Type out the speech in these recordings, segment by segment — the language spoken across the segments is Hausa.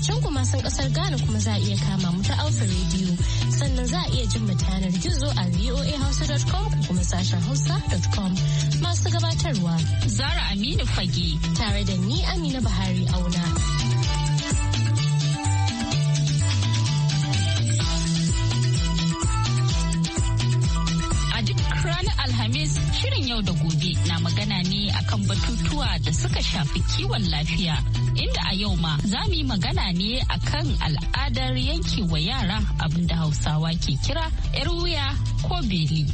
can kuma sun kasar Ghana kuma za a iya kama mu ta Alpha Radio sannan za a iya jin mu ta yanar gizo a voahausa.com ko kuma sashen hausa.com masu gabatarwa Zara Aminu Fage tare da ni Amina Buhari Auna. Alhamis shirin yau da gobe na magana ne akan batutuwa da suka shafi kiwon lafiya inda a yau ma za mu yi magana ne akan al'adar yanke wa yara abinda Hausawa ke kira 'yar wuya ko beli.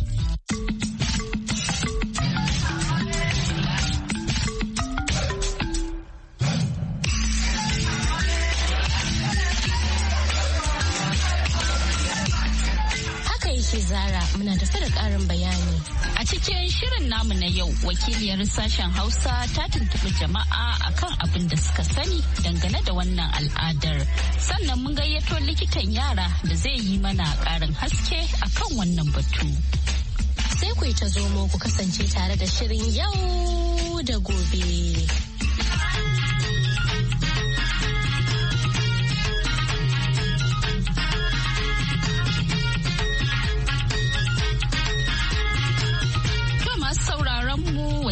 Zara muna tafi da ƙarin bayani. A cikin shirin namu na yau wakiliyar sashen Hausa ta tuntuɓi jama'a akan abin da suka sani dangane da wannan al'adar. Sannan mun gayyato likitan yara da zai yi mana ƙarin haske akan wannan batu. Sai ku yi ta zomo ku kasance tare da shirin yau da gobe.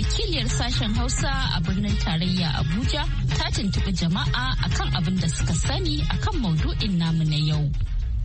wakiliyar sashen hausa a birnin tarayya abuja ta tuntuɓi jama'a akan abin da suka sani akan maudu'in namu na yau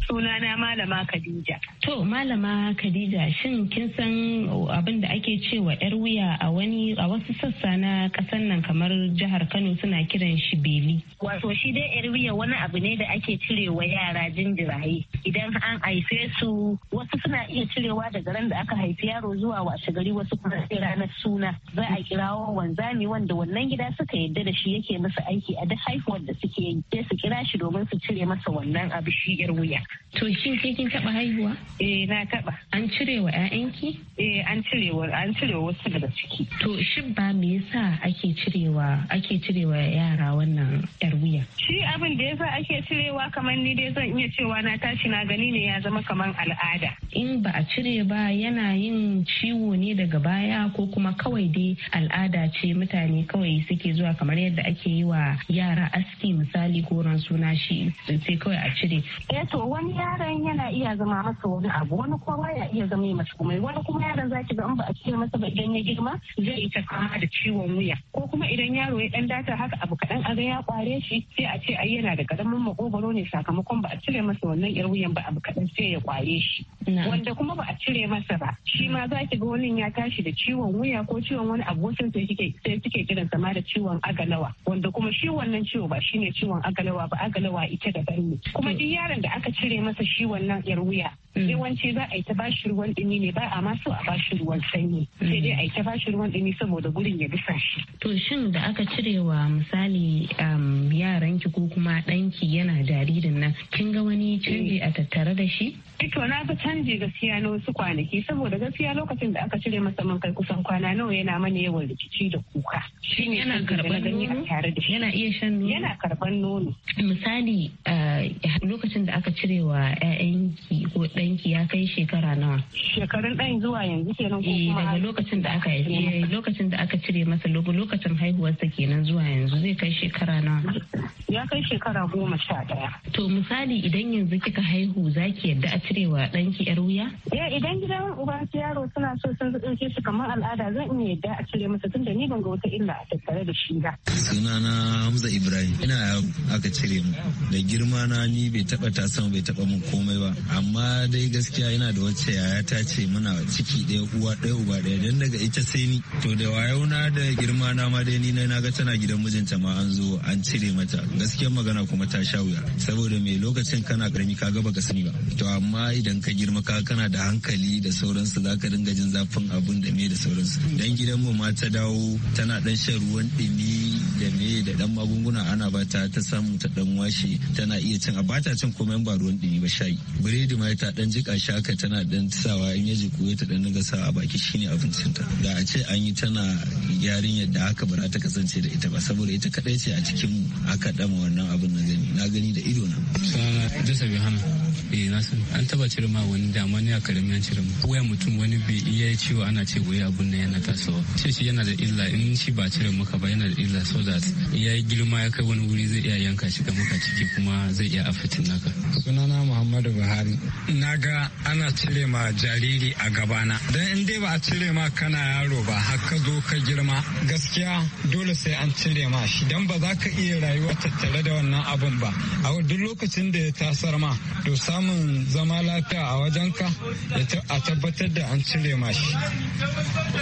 Sunana Malama Khadija. To Malama Khadija shin kin san abin da ake cewa yar wuya a wani a wasu sassa na ƙasar nan kamar jihar Kano suna kiran shi beli. Wato shi dai yar wuya wani abu ne da ake cirewa yara jinjiraye idan an haife su wasu suna iya cirewa daga ran da aka haifi yaro zuwa washe gari wasu kuma sai ranar suna za a kirawo wanzami wanda wannan gida suka yadda da shi yake masa aiki a duk haihuwar da suke yi sai su kira shi domin su cire masa wannan abu shi yar wuya To shin ke kin taba haihuwa? Eh na taba. An cire wa ƴaƴanki? Eh an cire wa an cire wasu daga ciki. To shin ba me yasa ake cirewa ake cirewa yara wannan yar wuya? Shi abin da yasa ake cirewa kamar ni dai zan iya cewa na tashi na gani ne ya zama kamar al'ada. In ba a cire ba yana yin ciwo ne daga baya ko kuma kawai dai al'ada ce mutane kawai suke zuwa kamar yadda ake yi wa yara aski misali ko ran suna shi sai kawai a cire. Eh to wani wani yaron yana iya zama masa wani abu wani kowa ya iya zama mace kuma wani kuma yaron zaki ga an ba a ce masa ba idan ya girma zai ita kama da ciwon wuya ko kuma idan yaro ya dan data haka abu kadan a ga ya kware shi sai a ce ai yana da karamin makogoro ne sakamakon ba a cire masa wannan yar wuyan ba abu kadan sai ya kware shi wanda kuma ba a cire masa ba shi ma za ki ga wani ya tashi da ciwon wuya ko ciwon wani abokin sai suke kiran sama da ciwon agalawa wanda kuma shi wannan ciwo ba shine ciwon agalawa ba agalawa ita da ne kuma mm. duk yaron da aka cire masa shi wannan yar wuya Mm. yawanci za a yi ta bashi ruwan dumi ne ba a masu so a bashi ruwan sanyi mm. sai dai a yi ta bashi ruwan dumi saboda gurin ya bisa shi to shin da aka cirewa misali um, yaranki ko kuma danki yana jaririn nan kin ga wani canji eh. a tattare da shi eh to na ga canji gaskiya na wasu kwanaki saboda gaskiya lokacin da aka cire masa man kai kusan kwana nawa yana mana yawan rikici da kuka shine yana karban nono yana iya shan nono yana karban nono misali uh, lokacin da aka cirewa 'ya'yanki ko ɗan ɗanki ya kai shekara nawa shekarun ɗan zuwa yanzu kenan ko eh, kuma daga lokacin da aka lokacin da aka cire masa lokacin haihuwarsa kenan zuwa yanzu zai kai shekara nawa ya kai shekara goma sha ɗaya to misali idan yanzu kika haihu zaki yadda a cire cirewa ɗanki yar wuya eh idan gidan uban yaro suna so sun ɗauke shi kamar al'ada zan iya yadda a cire masa tunda ni ban ga wata illa a tattare da shi ba na Hamza Ibrahim ina aka cire mu da girma na ni bai taɓa ta sama bai taɓa mun komai ba amma dai gaskiya yana da wacce yaya ta ce muna ciki ɗaya uwa ɗaya uba ɗaya don daga ita sai ni to da wayo na da girma na ma dai ni na ga tana gidan mijinta ma an zo an cire mata gaskiyar magana kuma ta sha wuya saboda mai lokacin kana karami ka ga baka sani ba to amma idan ka girma ka kana da hankali da sauransu za ka dinga jin zafin abun da me da sauransu dan gidan mu ma ta dawo tana dan shan ruwan ɗumi da me da dan magunguna ana ba ta ta samu ta dan washe tana iya cin a ta cin komai ba ruwan dumi ba shayi biredi ma ta dan jika shaka tana dan sawa in ya jiku ta dan daga sa a baki shine abincin ta da a ce an yi tana yarinyar da haka ba ta kasance da ita ba saboda ita kadai ce a cikin mu aka dama wannan abin na gani na gani da ido na sana jasa yohana eh na san an taba cire ma wani dama ne a karami an cire mu waya mutum wani bai iya cewa ana ce waya abun nan yana tasowa ce shi yana da illa in shi ba cire maka ba yana da illa so that iya girma ya kai wani wuri zai iya yanka shi ga muka ciki kuma zai iya afitin naka sunana muhammadu buhari na ga ana cire ma jariri a gaba na. dan in dai ba a cire ma kana yaro ba har ka zo ka girma gaskiya dole sai an cire ma shi dan ba za ka iya rayuwa tattare da wannan abun ba a duk lokacin da ya tasar ma to samun zama lafiya a wajenka a tabbatar da an cire ma shi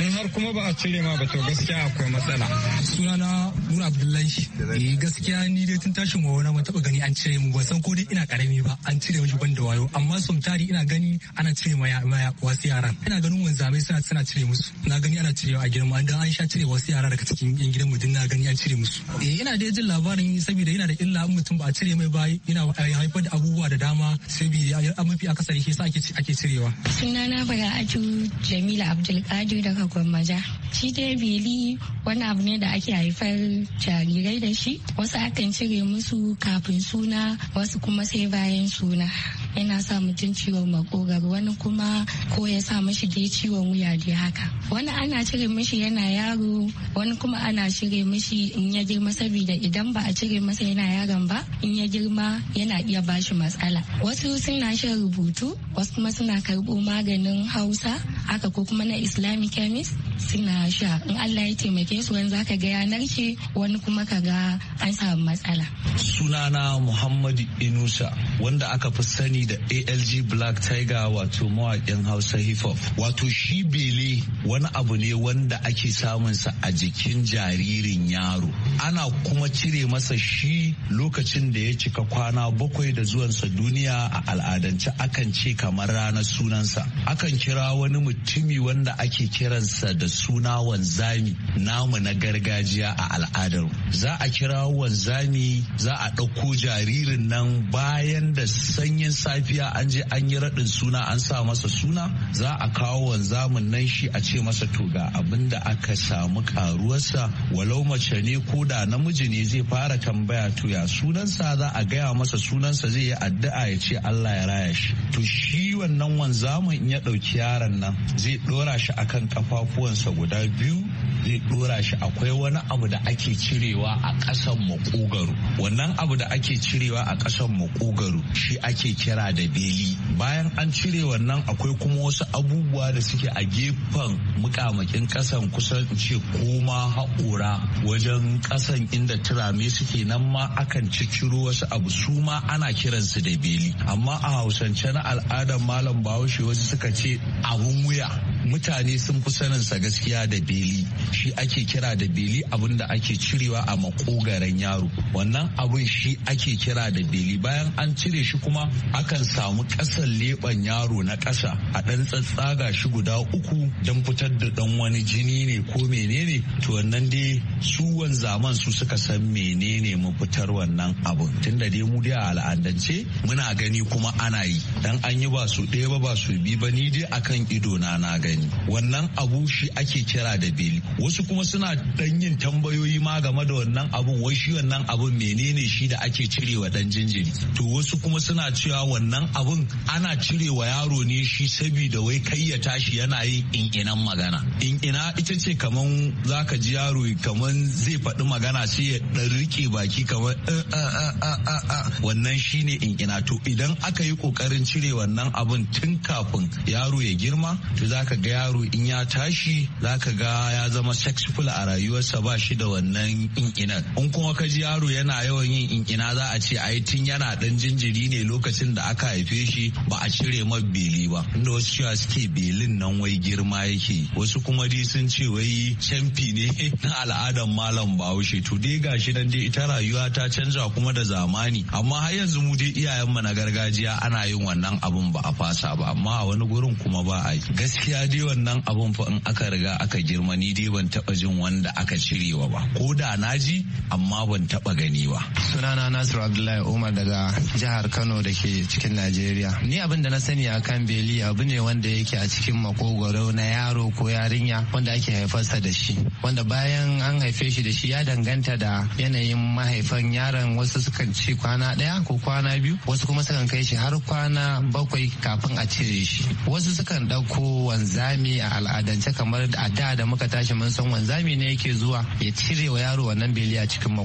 in har kuma ba a cire ma ba to gaskiya akwai matsala sunana nur abdullahi eh gaskiya ni dai tun tashin wa wani taba gani an cire mu ba san ko dai ina karami ba an cire mu ban da wayo amma tari ina gani ana cire ma wasu yaran ina ganin wanzamai suna suna cire musu na gani ana cire a gidan mu an an sha cire wasu yara daga cikin yan gidan mu din na gani an cire musu eh ina dai jin labarin saboda yana da illa mutum ba a cire mai ba yana haifar da abubuwa da dama sai maybe mafi akasari shi sa ake cirewa. Sunana bara aju Jamila Abdulkadir daga Gwammaja. Shi dai beli wani abu ne da ake haifar jarirai da shi wasu akan cire musu kafin suna wasu kuma sai bayan suna. yana sa mutum ciwon makogaro wani kuma ko ya sa mashi dai ciwon wuya dai haka wani ana cire mashi yana yaro wani kuma ana cire mashi in ya girma saboda idan ba a cire masa yana yaron ba in ya girma yana iya bashi matsala wasu suna shan rubutu wasu kuma suna karbo maganin hausa haka ko kuma na islamic chemist suna sha in allah ya taimake su wani zaka ga yanar ce wani kuma ka ga an samu matsala sunana muhammadu inusa wanda aka fi sani da ALG Black Tiger wato mawaƙin Hausa hip hop. Wato shi bele wani abu ne wanda ake samun sa a jikin jaririn yaro. Ana kuma cire masa shi lokacin da ya cika kwana bakwai da zuwansa duniya a al'adance akan ce kamar ranar sunansa. Akan kira wani mutumi wanda ake kiransa da suna wanzami namu na gargajiya a al'adar. Za a kira wanzami za a ɗauko jaririn nan bayan da sanyin sa mahaifiya an je an yi raɗin suna an sa masa suna za a kawo wanzamin nan shi a ce masa to ga abin aka samu karuwarsa walau mace ne ko da namiji ne zai fara tambaya to ya sunansa za a gaya masa sunansa zai yi addu'a ya ce Allah ya raya shi to shi wannan wanzamin in ya ɗauki yaron nan zai ɗora shi akan kafafuwansa guda biyu zai dora shi akwai wani abu da ake cirewa a ƙasan makogaro wannan abu da ake cirewa a ƙasan makogaro shi ake kira yana da beli bayan an cire wannan akwai kuma wasu abubuwa da suke a gefen mukamakin kasan kusan ce koma haƙora wajen kasan inda turame suke nan ma akan cicciro wasu abu su ma ana kiransu da beli amma a hausance na al'adar malam bahaushe wasu suka ce abun wuya mutane sun fi sa gaskiya da beli shi ake kira da beli abun da ake cirewa a makogaren yaro wannan abin shi ake kira da beli bayan an cire shi kuma aka akan samu ƙasan leɓen yaro na kasa a ɗan tsatsaga shi guda uku don fitar da ɗan wani jini ne ko menene to wannan dai su wanzaman su suka san menene mu fitar wannan abun da dai mu dai a al'adance muna gani kuma ana yi dan an yi ba su ɗaya ba ba su bi ba ni dai akan ido na na gani wannan abu shi ake kira da beli wasu kuma suna dan yin tambayoyi ma game da wannan abun wai shi wannan abun menene shi da ake cirewa dan jinjiri to wasu kuma suna cewa wannan abun ana cire wa yaro ne shi saboda wai kai ya tashi yana yin in'inan magana ina ita ce kaman zaka ji yaro kaman zai faɗi magana sai ya ɗan rike baki kaman eh, eh, eh, wannan shine in'ina to idan aka yi ƙoƙarin cire wannan abun tun kafin yaro ya girma to zaka ga yaro in ya tashi zaka ga ya zama sexful a rayuwarsa ba shi da wannan in'inan in kuma ka ji yaro yana yawan yin in'ina za a ce ai tun yana dan jinjiri ne lokacin da aka haife shi ba a cire ma beli ba inda wasu cewa suke belin nan wai girma yake wasu kuma dai sun ce wai canfi ne na al'adan malam bahaushe to dai gashi nan dai ita rayuwa ta canza kuma da zamani amma har yanzu mu dai iyayenmu na gargajiya ana yin wannan abun ba a fasa ba amma a wani gurin kuma ba a yi gaskiya dai wannan abun fa in aka riga aka girma ni dai ban taba jin wanda aka cirewa ba ko da na ji amma ban taba gani ba sunana nasiru abdullahi umar daga jihar kano da ke cikin najeriya ni abin da na sani akan beli abu ne wanda yake a cikin makogwaro na yaro ko yarinya wanda ake haifarsa da shi wanda bayan an haife shi da shi ya danganta da yanayin mahaifan yaron wasu sukan ci kwana ɗaya ko kwana biyu wasu kuma sukan kai shi har kwana bakwai kafin a cire shi wasu sukan ɗauko wanzami a al'adance kamar a da da muka tashi mun san wanzami ne yake zuwa ya cire wa yaro wannan beli a cikin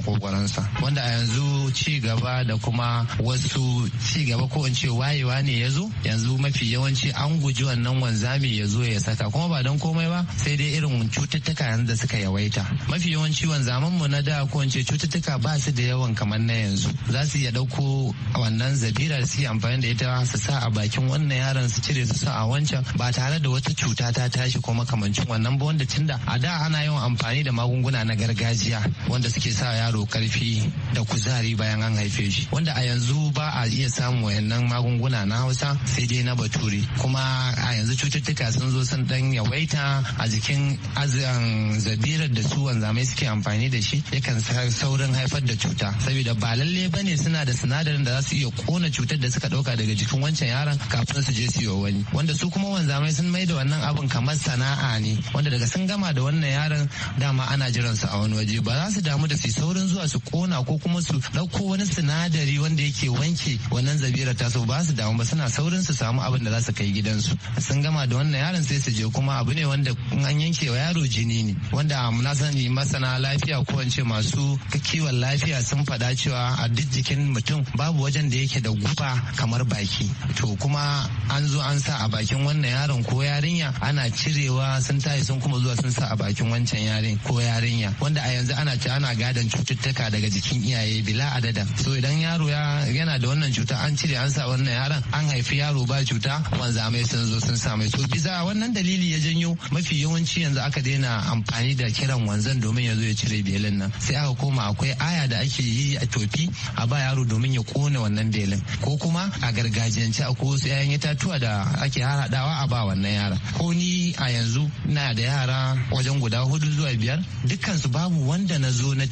sa wanda a yanzu ci gaba da kuma wasu ci gaba ko ko wayewa ne ya zo yanzu mafi yawanci an guji wannan wanzami ya zo ya saka kuma ba don komai ba sai dai irin cututtuka yanzu da suka yawaita mafi yawanci wanzaman mu na da ko cututtuka ba su da yawan kamar na yanzu za su iya ɗauko wannan zabira su yi amfani da ita su sa a bakin wannan yaron su cire su sa a wancan ba tare da wata cuta ta tashi ko makamancin wannan ba wanda tunda a da ana yawan amfani da magunguna na gargajiya wanda suke sa yaro karfi da kuzari bayan an haife shi wanda a yanzu ba a iya samun waɗannan magunguna na hausa sai dai na baturi kuma a yanzu cututtuka sun zo sun dan yawaita a jikin azan zabirar da su wanzamai suke amfani da shi yakan saurin haifar da cuta saboda ba lalle bane suna da sinadarin da za su iya kona cutar da suka ɗauka daga jikin wancan yaron kafin su je su yi wani wanda su kuma wanzamai sun mai da wannan abin kamar sana'a ne wanda daga sun gama da wannan yaron dama ana jiran su a wani waje ba za su damu da su saurin zuwa su kona ko kuma su dauko wani sinadari wanda yake wanke wannan zabirar ta so ba su damu ba suna saurin su samu abin da za su kai gidansu sun gama da wannan yaron sai su je kuma abu ne wanda an yanke wa yaro jini ne wanda na sani masana lafiya ko in masu kiwon lafiya sun faɗa cewa a duk jikin mutum babu wajen da yake da guba kamar baki to kuma an zo an sa a bakin wannan yaron ko yarinya ana cirewa sun tashi sun kuma zuwa sun sa a bakin wancan yarin ko yarinya wanda a yanzu ana ci ana gadon cututtuka daga jikin iyaye bila adada so idan yaro ya yana da wannan cuta an cire an sa wannan yaran an haifi yaro ba cuta wanzamai sun zo sun sa mai so bisa wannan dalili ya janyo mafi yawanci yanzu aka daina amfani da kiran wanzan domin ya zo ya cire belin nan sai aka koma akwai aya da ake yi a tofi a ba yaro domin ya kone wannan belin ko kuma a gargajiyance a wasu 'ya'yan itatuwa da ake haradawa a ba wannan yara ko ni a yanzu na da yara wajen guda hudu zuwa biyar dukkansu babu wanda na zo na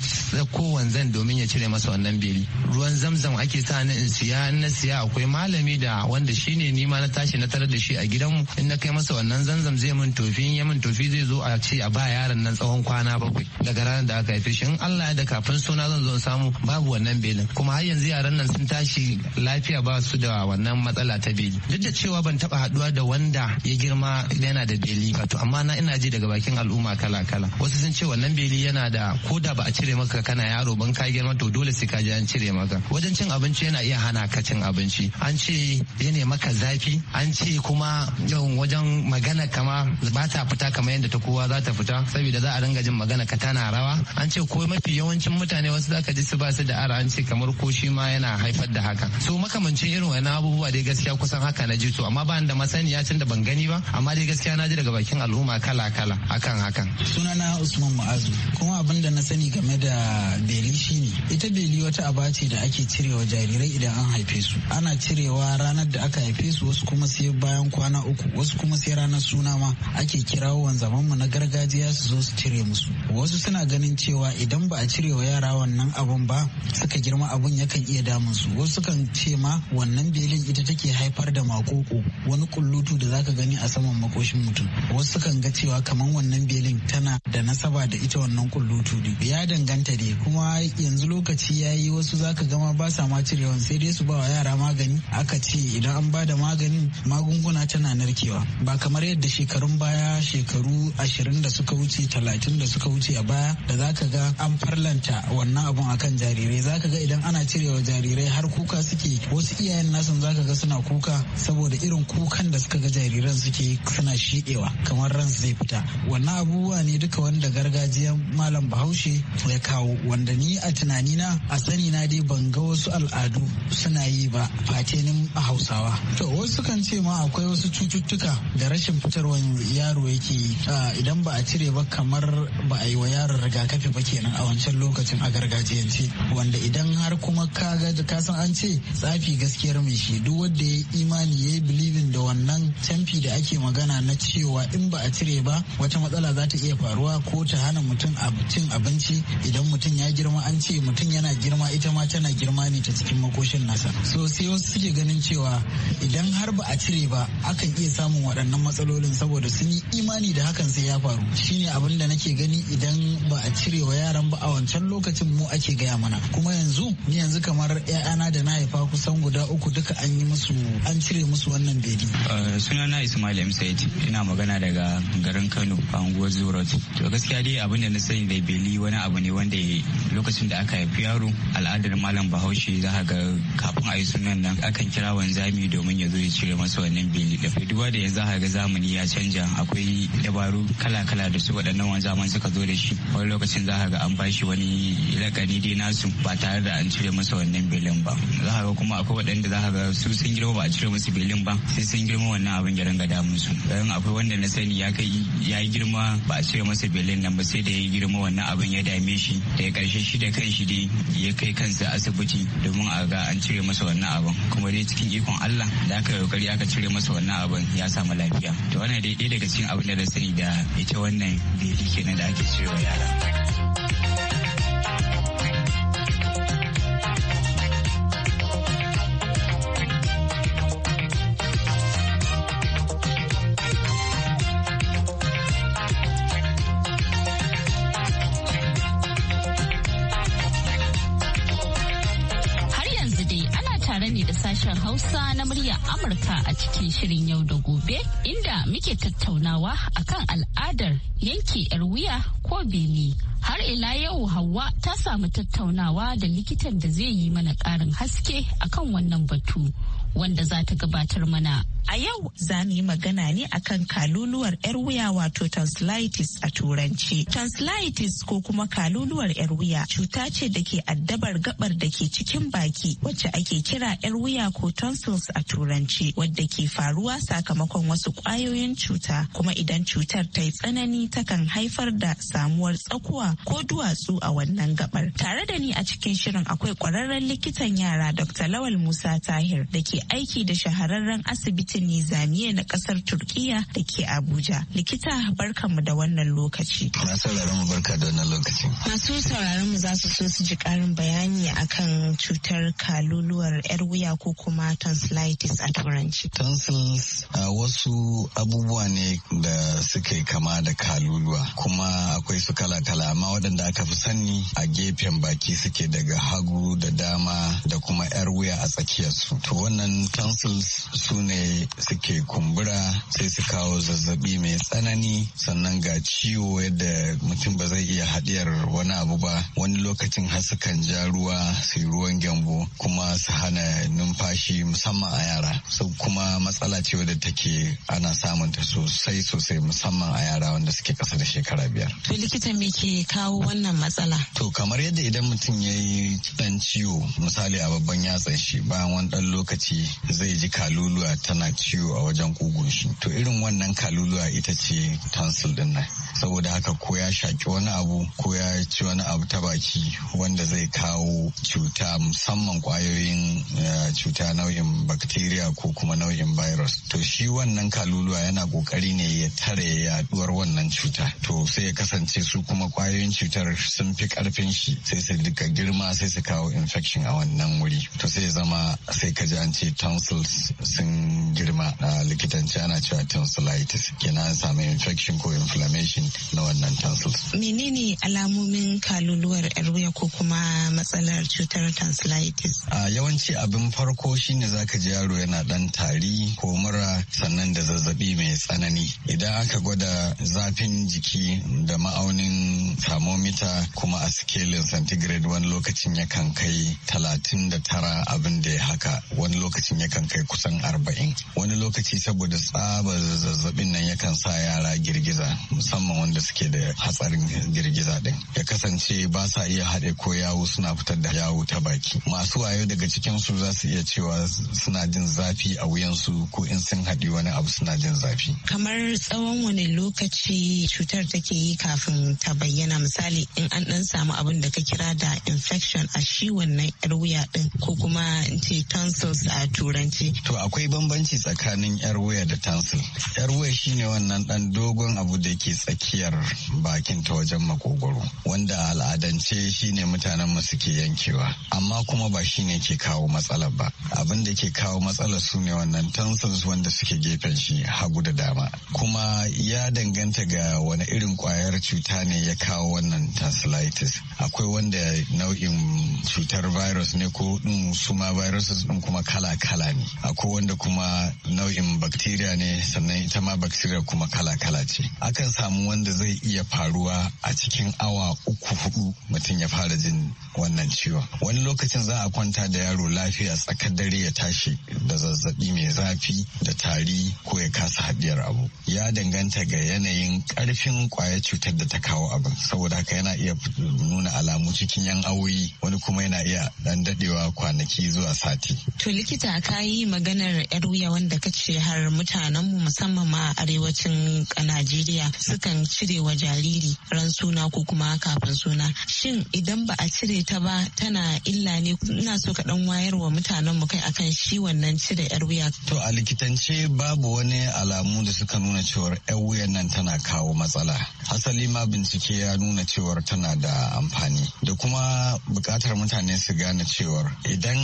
ko wanzan domin ya cire masa wannan beli ruwan zamzam ake sa ni in siya in na siya a akwai malami da wanda shine ni ma na tashi na tarar da shi a gidanmu in na kai masa wannan zanzam zai min tofi in ya min tofi zai zo a ce a ba yaron nan tsawon kwana bakwai daga ranar da aka haife shi in Allah ya da kafin suna zan zo samu babu wannan belin kuma har yanzu yaran nan sun tashi lafiya ba su da wannan matsala ta beli duk da cewa ban taba haduwa da wanda ya girma yana da beli ba to amma na ina ji daga bakin al'umma kala kala wasu sun ce wannan beli yana da ko da ba a cire maka kana yaro ban ka girma to dole sai ka ji an cire maka wajen cin abinci yana iya hana ka cin abinci abinci an ce yana maka zafi an ce kuma yawan wajen magana kama ba ta fita kamar yadda ta kowa za ta fita saboda za a ringa jin magana ka tana rawa an ce ko mafi yawancin mutane wasu zaka ji su ba su da ara an ce kamar ko shi ma yana haifar da haka so makamancin irin wani abubuwa dai gaskiya kusan haka na ji to amma ba da masaniya tun da ban gani ba amma dai gaskiya na ji daga bakin al'umma kala kala akan hakan sunana usman mu'azu kuma abin da na sani game da beli shine ita beli wata aba ce da ake cirewa jarirai idan an haife su ana cirewa ranar da aka haife su wasu kuma sai bayan kwana uku wasu kuma sai ranar suna ma ake kirawo wanzaman mu na gargajiya su zo su cire musu wasu suna ganin cewa idan ba a cire wa yara wannan abun ba suka girma abun yakan iya damun su wasu kan ce ma wannan belin ita take haifar da makoko wani kullutu da zaka gani a saman makoshin mutum wasu kan ga cewa kaman wannan belin tana da nasaba da ita wannan kullutu ne ya danganta dai kuma yanzu lokaci yayi wasu zaka gama ba sa ma cirewa sai dai su ba wa yara ma magani aka ce idan an bada da maganin magunguna tana narkewa ba kamar yadda shekarun baya shekaru ashirin da suka wuce talatin da suka wuce a baya da za ka ga an farlanta wannan abun akan jarirai za ka ga idan ana cirewa jarirai har kuka suke wasu iyayen nasan za ka ga suna kuka saboda irin kukan da suka ga jariran suke suna shiɗewa kamar ran zai fita wannan abubuwa ne duka wanda gargajiyan malam bahaushe ya kawo wanda ni a tunanina a sani na dai ban ga wasu al'adu suna yi ba fatenin hausawa to wasu kan ce ma akwai wasu cututtuka da rashin fitarwar yaro yake yi idan ba a cire ba kamar ba a yi wa yaro rigakafi ba kenan a wancan lokacin a gargajiyance wanda idan har kuma ka ka san an ce tsafi gaskiyar mai shi duk wanda ya imani ya yi bilibin da wannan canfi da ake magana na cewa in ba a cire ba wata matsala za ta iya faruwa ko ta hana mutum cin abinci idan mutum ya girma an ce mutum yana girma ita ma tana girma ne ta cikin makoshin nasa so wasu suke ganin cewa idan har ba a cire ba akan iya samun waɗannan matsalolin saboda sun yi imani da hakan sai ya faru shine abin da nake gani idan ba a cire wa yaran ba a wancan lokacin mu ake gaya mana kuma yanzu ni yanzu kamar ƴaƴana da na haifa kusan guda uku duka an yi musu an cire musu wannan bedi. Eh, sunana Ismail M Said ina magana daga garin Kano a unguwar Zurot to gaskiya dai abin da na sani da beli wani abu ne wanda lokacin da aka haifi yaro al'adar malam Bahaushe za ga kafin a yi sunan wannan akan kira wanzami domin ya zo ya cire masa wannan beli da duba da yanzu haka zamani ya canja akwai dabaru kala-kala da su waɗannan wanzaman suka zo da shi wani lokacin za ka ga an bashi wani lakani dai nasu ba tare da an cire masa wannan belin ba za ka ga kuma akwai waɗanda za ka ga su sun girma ba a cire musu belin ba sai sun girma wannan abin ya ringa damun su don akwai wanda na sani ya kai ya yi girma ba a cire masa belin nan ba sai da ya yi girma wannan abin ya dame shi da ya karshe shi da kanshi dai ya kai kansa asibiti domin a ga an cire masa wannan abin daban kuma dai cikin ikon Allah da aka yi kokari aka cire masa wannan abin ya samu lafiya to wannan dai daga cikin abin da na sani da ita wannan beli kenan da ake wa yara ne da sashen Hausa na murya Amurka a cikin shirin yau da gobe inda muke tattaunawa akan al'adar yanke 'yar wuya ko beni Har ila yau Hauwa ta samu tattaunawa da likitan da zai yi mana ƙarin haske akan wannan batu wanda za ta gabatar mana. A yau za mu yi magana ne akan kaluluwar 'yar wuya wato translitis a turanci. Translitis ko kuma kaluluwar 'yar wuya cuta ce da ke addabar gabar da ke cikin baki wacce ake kira 'yar wuya ko tonsils a turanci wadda ke faruwa sakamakon wasu ƙwayoyin cuta kuma idan cutar ta yi tsanani takan haifar da samuwar tsakuwa ko duwatsu a wannan gabar. Tare da ni a cikin shirin akwai ƙwararren likitan yara Dr. Lawal Musa Tahir da ke aiki da shahararren asibiti asibitin nizamiya na kasar turkiya da ke abuja likita barkanmu da wannan lokaci masu sauraron mu da wannan mu za su so su ji karin bayani akan cutar kaluluwar yar wuya ko kuma tonsillitis a turanci tonsils wasu abubuwa ne da suke kama da kaluluwa kuma akwai su kala-kala amma waɗanda aka fi sani a gefen baki suke daga hagu da dama da kuma yar wuya a tsakiyarsu to wannan tonsils su ne suke kumbura sai su kawo zazzabi mai tsanani sannan ga ciwo yadda mutum ba zai iya haɗiyar wani abu ba wani lokacin har sukan ja ruwa su ruwan gyambo kuma su hana numfashi musamman a yara kuma matsala ce wadda take ana samun ta sosai sosai musamman a yara wanda suke kasa da shekara biyar. To likita me ke kawo wannan matsala? To kamar yadda idan mutum ya yi dan ciwo misali a babban yatsan shi bayan wani dan lokaci zai ji kaluluwa tana ciwo a wajen kugun shi to irin wannan kaluluwa ita ce tonsil din nan saboda haka ko ya shaki wani abu ko ya ci wani abu ta baki wanda zai kawo cuta musamman kwayoyin eh, cuta nau'in bacteria ko kuma nau'in virus to shi wannan kaluluwa yana kokari ne ya tare yaduwar wannan cuta to sai ya kasance su kuma kwayoyin cutar sun fi karfin shi sai su duka girma sai su kawo infection a wannan wuri to sai ya zama sai ka an ce tonsils sun girma a likitanci ana cewa tonsillitis kenan an samu infection ko inflammation na wannan tonsils. Menene alamomin kaluluwar wuya ko kuma matsalar cutar tonsillitis? A yawanci abin farko shine zaka ji yaro yana dan tari ko mura sannan da zazzabi mai tsanani. Idan aka gwada zafin jiki da ma'aunin thermometer kuma a sikelin centigrade wani lokacin yakan kai talatin da tara abin da ya haka wani lokacin yakan kai kusan arba'in wani lokaci saboda tsabar zazzabin nan yakan sa yara girgiza musamman wanda suke da hatsarin girgiza din ya kasance ba sa iya haɗe ko yawo suna fitar da yawo ta baki masu wayo daga cikin su za su iya cewa suna jin zafi a wuyansu ko in sun haɗi wani abu suna jin zafi kamar tsawon wani lokaci cutar take yi kafin ta bayyana misali in an dan samu abin da ka kira da infection a shi wannan yar wuya din ko kuma in ce tonsils a turanci to akwai bambanci tsakanin yar wuya da tonsil yar wuya shine wannan dan dogon abu da ke tsaki tsakiyar bakin ta wajen makogoro wanda al'adance shine mutanen mu suke yankewa amma kuma ba shine ke kawo matsalar ba abin da ke kawo matsalar su ne wannan tonsils wanda suke gefen shi hagu da dama kuma ya danganta ga wani irin kwayar cuta ne ya kawo wannan tonsillitis akwai wanda nau'in cutar virus ne ko din su ma viruses din kuma kala-kala ne akwai wanda kuma nau'in bacteria ne sannan ita ma bacteria kuma kala-kala ce akan samu wani wanda zai iya faruwa a cikin awa uku hudu mutum ya fara jin wannan ciwon wani lokacin za a kwanta da yaro lafiya tsakar dare ya tashi da zazzabi mai zafi da tari ko ya kasa haɗiyar abu ya danganta ga yanayin karfin kwaya cutar da ta kawo abin saboda haka yana iya nuna alamu cikin yan awoyi wani kuma yana iya dan dadewa kwanaki zuwa sati to likita ka yi maganar yar wuya wanda kace har mutanen mu musamman ma arewacin Najeriya sukan cirewa jariri ran suna ko kuma kafin suna shin idan ba a cire ta ba tana illa ne ina so ka dan wayar wa mutanen mu kai akan shi wannan cire yar wuya to a likitance babu wani alamu da suka nuna cewar yar wuyan nan tana kawo matsala asali ma bincike ya nuna cewar tana da amfani da kuma bukatar mutane su gane cewar idan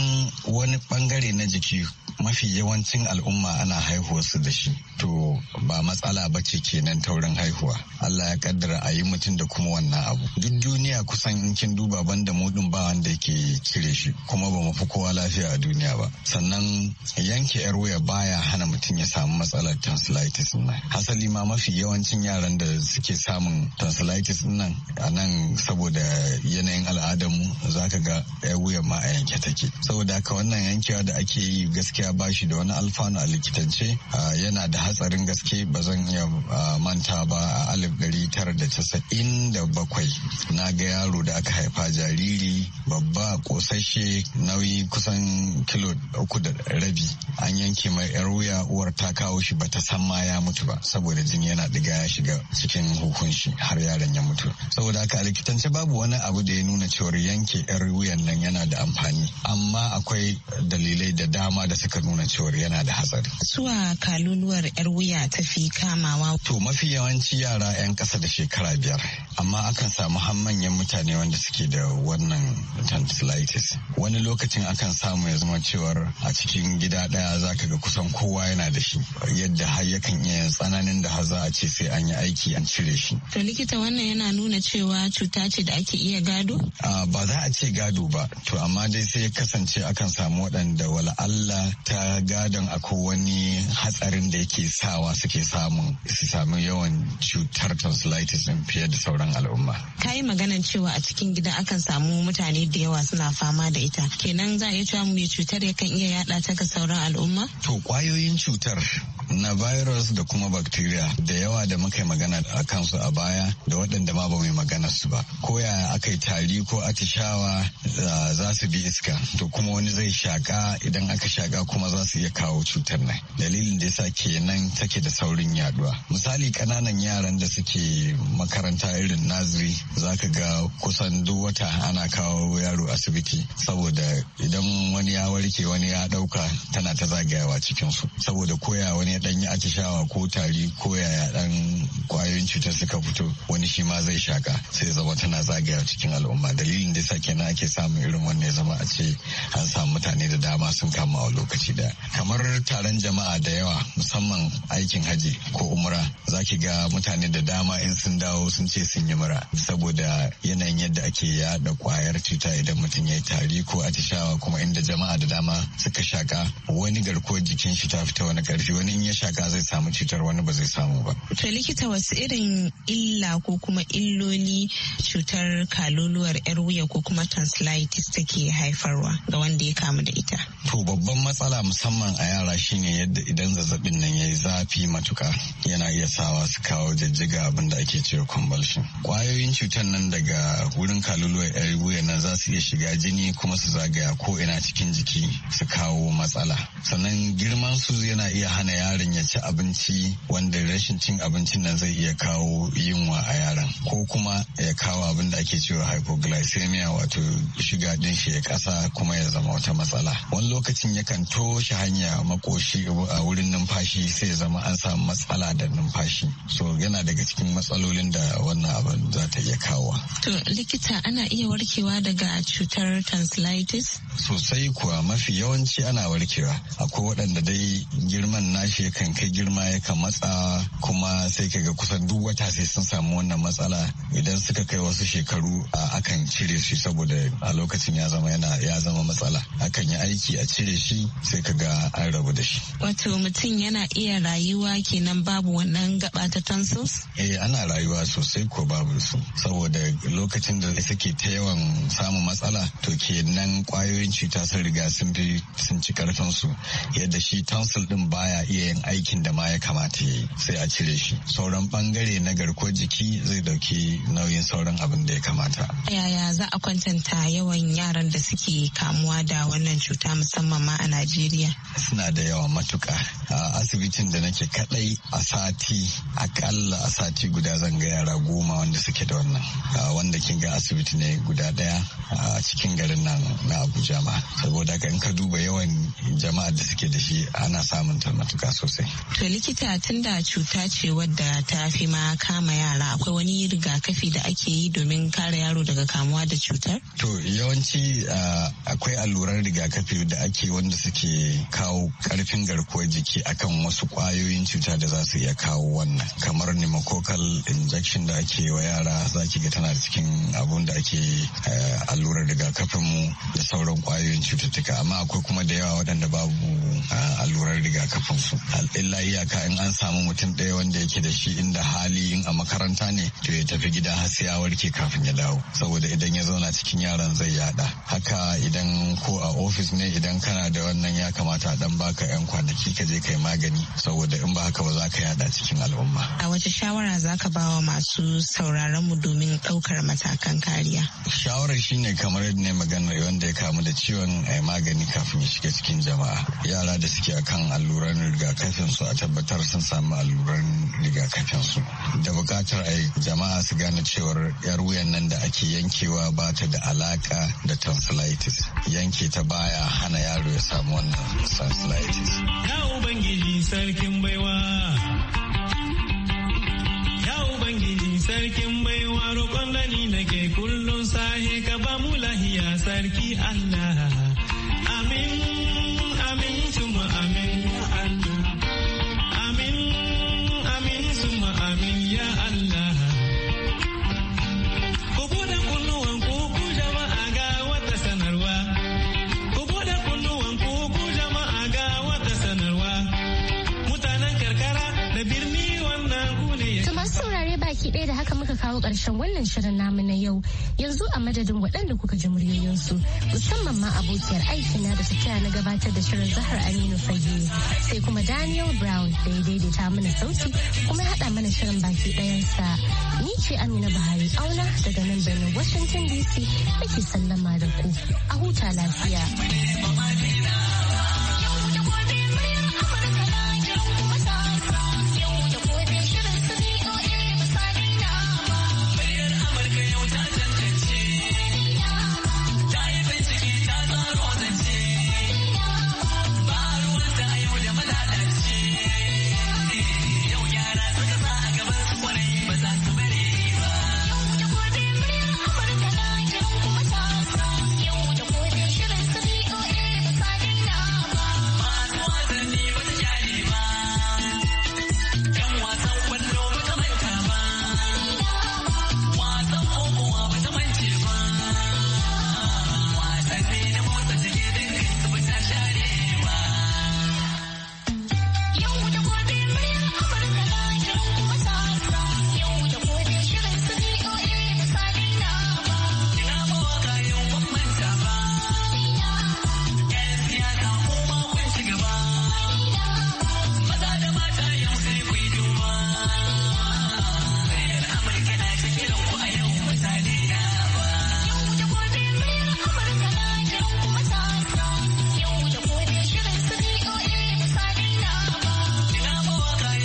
wani bangare na jiki mafi yawancin al'umma ana su da shi to ba matsala ba ce kenan taurin haihuwa Allah ya kaddara a yi mutum da kuma wannan abu duk duniya kusan in kin duba banda mu ba wanda yake cire shi kuma ba mu fi kowa lafiya a duniya ba sannan yanke yar wuya baya hana mutum ya samu matsalar tonsillitis nan hasali ma mafi yawancin yaran da suke samun tonsillitis nan a nan saboda yanayin al'adar mu ka ga yar wuya ma a yanke take saboda haka wannan yankewa da ake yi gaskiya ba shi da wani alfanu a likitance ah, yana da hatsarin gaske ba zan iya ah, manta ba a alif da casa'in da bakwai na ga yaro da aka haifa jariri babba kosashe nauyi kusan kilo uku da rabi an yanke mai yar wuya uwar ta kawo shi bata san ma ya mutu ba saboda jini yana diga ya shiga cikin hukun shi har yaron ya mutu saboda haka a likitance babu wani abu da ya nuna cewar yanke yar wuyan nan yana da amfani amma akwai dalilai da dama da suka nuna cewar yana da hatsari. Suwa kaluluwar yar wuya ta fi kamawa. To mafi yawanci yara yara 'yan ƙasa da shekara biyar amma akan samu har manyan mutane wanda suke da wannan tonsillitis wani lokacin akan samu ya zama cewar a cikin gida ɗaya ka ga kusan kowa yana da shi yadda har yakan iya tsananin da haza a ce sai an yi aiki an cire shi to likita wannan yana nuna cewa cuta ce da ake iya gado ba za a ce gado ba to amma dai sai ya kasance akan samu waɗanda wala Allah ta gadon akwai wani hatsarin da yake sawa suke samun su sami yawan cuta cutar tonsillitis din fiye da sauran al'umma. Ka yi maganar cewa a cikin gida akan samu mutane da yawa suna fama da ita. Kenan za a yi cewa mai cutar yakan iya yada ta ga sauran al'umma? To kwayoyin cutar na virus da kuma bacteria da yawa da muka yi magana a kansu a baya da waɗanda ma ba yi magana su ba. Ko ya aka yi tari ko atishawa za su bi iska to kuma wani zai shaka idan aka shaka kuma za su iya kawo cutar nan. Dalilin da yasa kenan take da saurin yaduwa. Misali ƙananan yaran da da suke makaranta irin naziri za ka ga kusan duk wata ana kawo yaro asibiti saboda idan wani ya warke wani ya dauka tana ta zagayawa cikinsu saboda koya wani ya dan yi atishawa ko tari ko yaya dan kwayoyin cutar suka fito wani shi ma zai shaka sai zama tana zagayawa cikin al'umma dalilin da yasa na ake samun irin wannan zama a ce an samu mutane da dama sun kama a lokaci da kamar taron jama'a da yawa musamman aikin haji ko umra zaki ga mutane da dama in sun dawo sun ce sun yi mura saboda yanayin yadda ake yada kwayar cuta idan mutum ya yi tari ko atishawa kuma inda jama'a da dama suka shaka wani garkuwar jikin shi ta fita wani karfi wani in ya shaka zai samu cutar wani ba zai samu ba. To likita wasu irin illa ko kuma illoli cutar kaluluwar yar wuya ko kuma tonsillitis take haifarwa ga wanda ya kamu da ita. To babban matsala musamman a yara shine yadda idan zazzabin nan ya yi zafi matuka yana iya sawa su kawo jajjagi daga abin da ake cewa convulsion kwayoyin cutar nan daga wurin kaluluwar yar wuya nan za su iya shiga jini kuma su zagaya ko ina cikin jiki su kawo matsala sannan girman su yana iya hana yaron ya ci abinci wanda rashin cin abincin nan zai iya kawo yunwa a yaron ko kuma ya kawo abin da ake cewa hypoglycemia wato shiga din shi ya kasa kuma ya zama wata matsala wani lokacin yakan toshe hanya makoshi a wurin numfashi sai ya zama an samu matsala da numfashi so yana da daga cikin matsalolin da wannan abu iya kawo. To likita ana iya warkewa daga cutar tonsillitis? Sosai kuwa mafi yawanci ana warkewa. Akwai waɗanda dai girman nashi yakan kai girma yakan matsa kuma sai kaga kusan duk wata sai sun samu wannan matsala idan suka kai wasu shekaru akan cire shi saboda a lokacin ya zama yana ya zama matsala. Akan yi aiki a cire shi sai kaga an rabu da shi. Wato mutum yana iya rayuwa kenan babu wannan gaba ta tonsils? Eh ana rayuwa sosai ko babu su. saboda lokacin da suke ta yawan samun matsala to kenan kwayoyin cuta sun riga sun fi sun ci karfin su yadda shi tonsil din baya iya yin aikin da ma ya kamata yi sai a cire shi sauran bangare na garkuwar jiki zai dauki nauyin sauran abin da ya kamata yaya za a kwantanta yawan yaran da suke kamuwa da wannan cuta musamman ma a najeriya suna da yawa matuka a asibitin da nake kadai a sati akalla a sati guda zan ga yara goma wanda suke da gwamna wanda kin ga asibiti ne guda daya a cikin garin nan na abuja ma saboda in ka duba yawan jama'a da suke da shi ana samun ta matuka sosai to likita tunda cuta ce wadda ta fi ma kama yara akwai wani rigakafi da ake yi domin kare yaro daga kamuwa da cutar to yawanci akwai alluran rigakafi da ake wanda suke kawo karfin garkuwar jiki akan wasu kwayoyin cuta da za su iya kawo wannan kamar pneumococcal injection da ake wa yara za ki ga tana cikin abun da ake eh, allurar rigakafin mu da sauran kwayoyin cututtuka amma akwai kuma da yawa waɗanda babu eh, allurar rigakafin su illa iyaka in an samu mutum ɗaya wanda yake da shi inda hali in a makaranta ne to ya tafi gida har sai ya warke kafin ya dawo saboda idan ya zauna cikin yaran zai yaɗa haka idan ko a ofis ne idan kana da wannan ya kamata dan baka yan kwanaki ka je kai magani saboda in ba haka ba za ka yada cikin al'umma a wace shawara za ka ba wa masu sauraron mu domin ɗaukar matakan kariya. Shawarar shine kamar yadda ne magana wanda ya kamu da ciwon a eh, magani kafin ya shiga cikin jama'a. Yara da suke kan alluran rigakafin a tabbatar sun samu alluran rigakafinsu. Da buƙatar a jama'a su gane cewar yar wuyan nan da ake yankewa ba ta da alaƙa da tonsillitis. Yanke ta baya hana yaro ya samu wannan tonsillitis. Ya Ubangiji sarkin baiwa. Ya Ubangiji sarkin roƙon da ni nake kullum kawo ƙarshen wannan shirin namu na yau yanzu a madadin waɗanda kuka ji muryoyinsu musamman ma abokiyar na da ta na gabatar da shirin zahar aminu fage sai kuma daniel brown da ya daidaita mana sauti kuma ya haɗa mana shirin baki ɗayansa ni ce amina buhari auna daga nan birnin washington dc ake sallama da ku a huta lafiya.